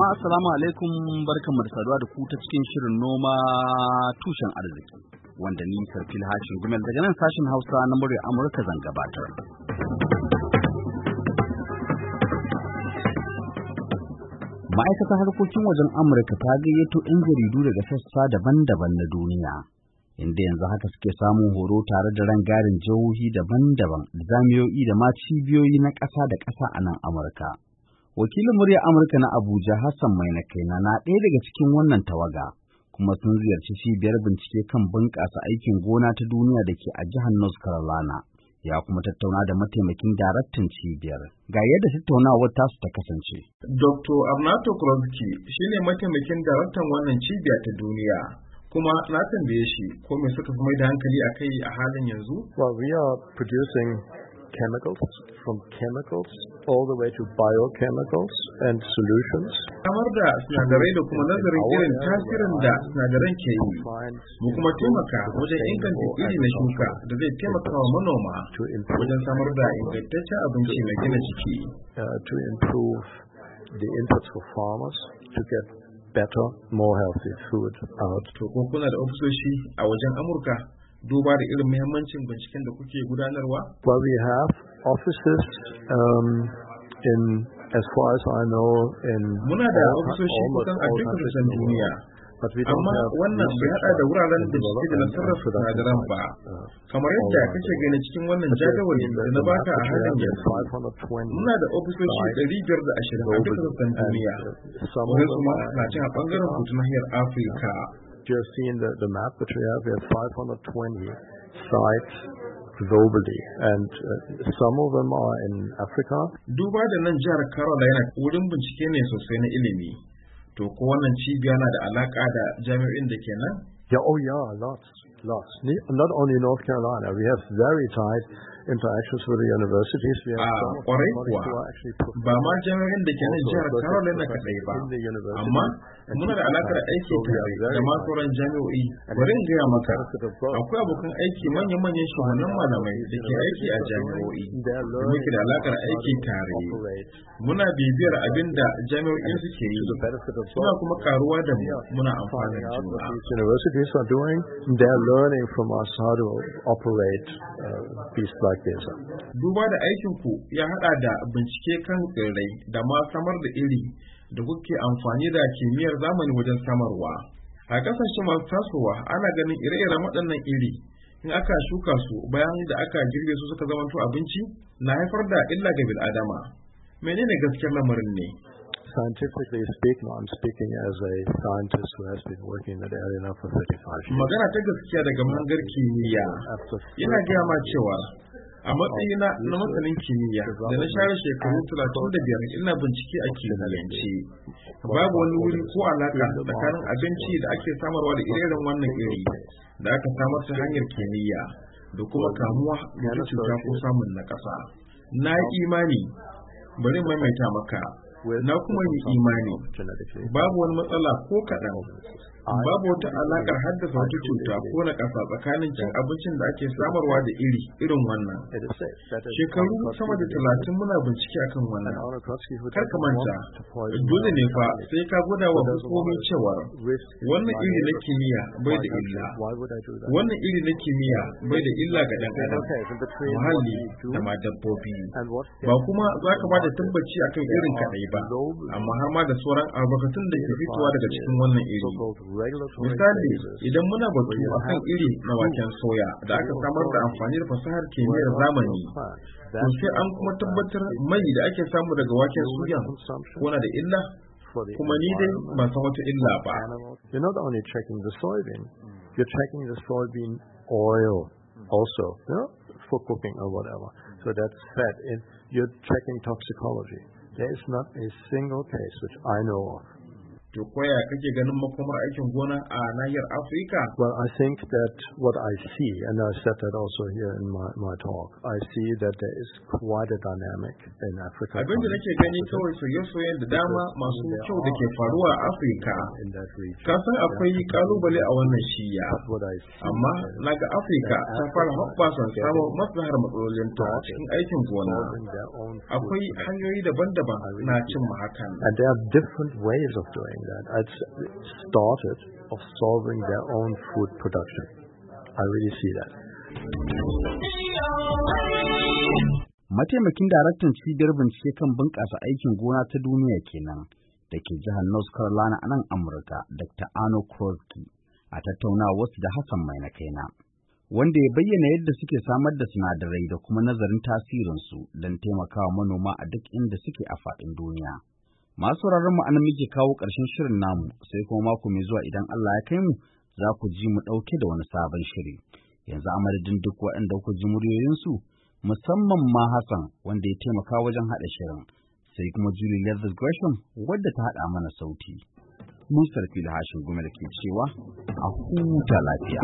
Jama'a assalamu alaikum mu da saduwa da ku ta cikin shirin noma tushen arziki wanda ni Sarfil Hashin Gumel daga nan sashin Hausa na murya Amurka zan gabatar. Ma'aikatar harkokin wajen Amurka ta gayyato 'yan jaridu daga sassa daban-daban na duniya, inda yanzu haka suke samun horo tare da rangarin jihohi daban-daban da da ma cibiyoyi na ƙasa da ƙasa a nan Amurka. Wakilin muryar Amurka na Abuja Hassan Mai na kaina na ɗaya daga cikin wannan tawaga, kuma sun ziyarci cibiyar bincike kan bunƙasa aikin gona ta duniya da ke a jihar North Carolina. Ya kuma tattauna da mataimakin daraktan cibiyar. Ga yadda tattaunawar tasu ta kasance. Dr. Arnato shi ne mataimakin daraktan wannan cibiyar ta duniya. kuma na tambaye shi ko me suka fi mai da hankali a kai a halin yanzu? Well, we are producing chemicals, from chemicals all the way to biochemicals and solutions. To improve the inputs for farmers to get better, more healthy food out. To Amurka duba da irin muhimmancin binciken da kuke gudanarwa? Well, we have offices um, in as far as I know in Muna da ofisoshi kusan a duk sassan duniya. Amma wannan bai hada da wuraren da suke da nasarar sinadaran ba. Uh, Kamar yadda kake gani cikin wannan jadawali da na baka a halin yanzu. Muna da ofisoshi ɗari biyar da ashirin a duk sassan duniya. Wani kuma na cin a ɓangaren kutu nahiyar Afirka. you have seen the map that we have. We have 520 sites globally, and uh, some of them are in Africa. Duba da nan jihar Carolina wurin bincike ne sosai na ilimi. To ko wannan cibiya na da alaka da jami'in da ke nan? Yeah, oh yeah, lots, lots. Not only North Carolina, we have very tight a kwarai kuwa ba ma jami'in da ke nan jihar Carolina kaɗai ba, amma muna da alakar aiki tare da ma sauran jami'o'i. Bari in gaya maka, akwai abokan aiki manya-manyan shugabannin malamai da ke aiki a jami'o'i, da muke da alakar aiki tare. Muna bibiyar abin da jami'o'i suke yi, suna kuma karuwa da mu muna amfani da Universities are doing, they're learning from us how Duba da aikinku, ya haɗa da bincike kan tsirrai da ma samar da iri da kuke amfani da kimiyyar zamani wajen samarwa. A ƙasashen masu tasowa ana ganin ire-iren waɗannan iri in aka shuka su bayan da aka girbe su suka zamanto abinci na haifar da illa ga bil'adama. Menene gaskiyar lamarin ne? scientifically speaking, I'm speaking as a scientist who has been working in that area now for 35 years. Magana ta gaskiya daga mangar kimiyya yana gaya ma cewa a matsayi na masanin kimiyya da na share shekaru talatin da biyar ina bincike a kimiyyance babu wani wuri ko alaka tsakanin abinci da ake samarwa da irin wannan iri da aka samar ta hanyar kimiyya da kuma kamuwa da cuta ko samun na ƙasa na imani bari maimaita maka na kuma yi imani babu wani matsala ko kaɗan babu wata alaƙar haddasa wata cuta ko na ƙasa tsakanin cin abincin da ake samarwa da iri irin wannan shekaru sama da talatin muna bincike akan wannan kar ka manta dole ne fa sai ka gwada wa hukumomi cewa wannan iri na kimiyya bai da illa wannan iri na kimiyya bai da illa ga dan adam muhalli da ma dabbobi ba kuma za ka ba da tabbaci akan irin kaɗai ba amma har ma da sauran albarkatun da ke fitowa daga cikin wannan iri Misali, idan muna batu a kan iri na waken soya da aka samar da amfani da fasahar kimiyyar zamani, to sai an kuma tabbatar mai da ake samu daga waken soya wana da illa kuma ni dai ban san wata illa ba. You're not only checking the soybean, you're checking the soybean oil also, you know, for cooking or whatever. So that's fat. And you're checking toxicology. There is not a single case which I know of to koya kake ganin makomar aikin gona a nahiyar Afirka? Well, I think that what I see, and I said that also here in my, my talk, I see that there is quite a dynamic in Africa. Abin da nake gani kawai soye-soyen da dama masu kyau da ke faruwa a Afirka. Kasan akwai kalubale a wannan shiya. Amma na ga Afirka ta fara hoɓɓasan samun maslahar matsalolinta cikin aikin gona. Akwai hanyoyi daban-daban na cimma hakan. And there are different ways of doing doing that. I started of solving their own food production. I really see that. Mataimakin daraktan cibiyar bincike kan bunƙasa aikin gona ta duniya kenan da ke jihar North Carolina a nan Amurka, Dr. Ano Krosky, a tattaunawa wasu da Hassan mai na kaina. wanda ya bayyana yadda suke samar da sinadarai da kuma nazarin tasirinsu don taimakawa manoma a duk inda suke a faɗin duniya. Masu mu anan muke kawo ƙarshen shirin namu sai kuma mako mai zuwa idan Allah ya kai mu za ku ji mu ɗauke da wani sabon shiri. Yanzu a madadin duk waɗanda kuka ji muryoyinsu musamman ma Hassan wanda ya taimaka wajen haɗa shirin sai kuma Julie Levis Gresham wadda ta haɗa mana sauti. Musar Fili Hashin da ke cewa a huta lafiya.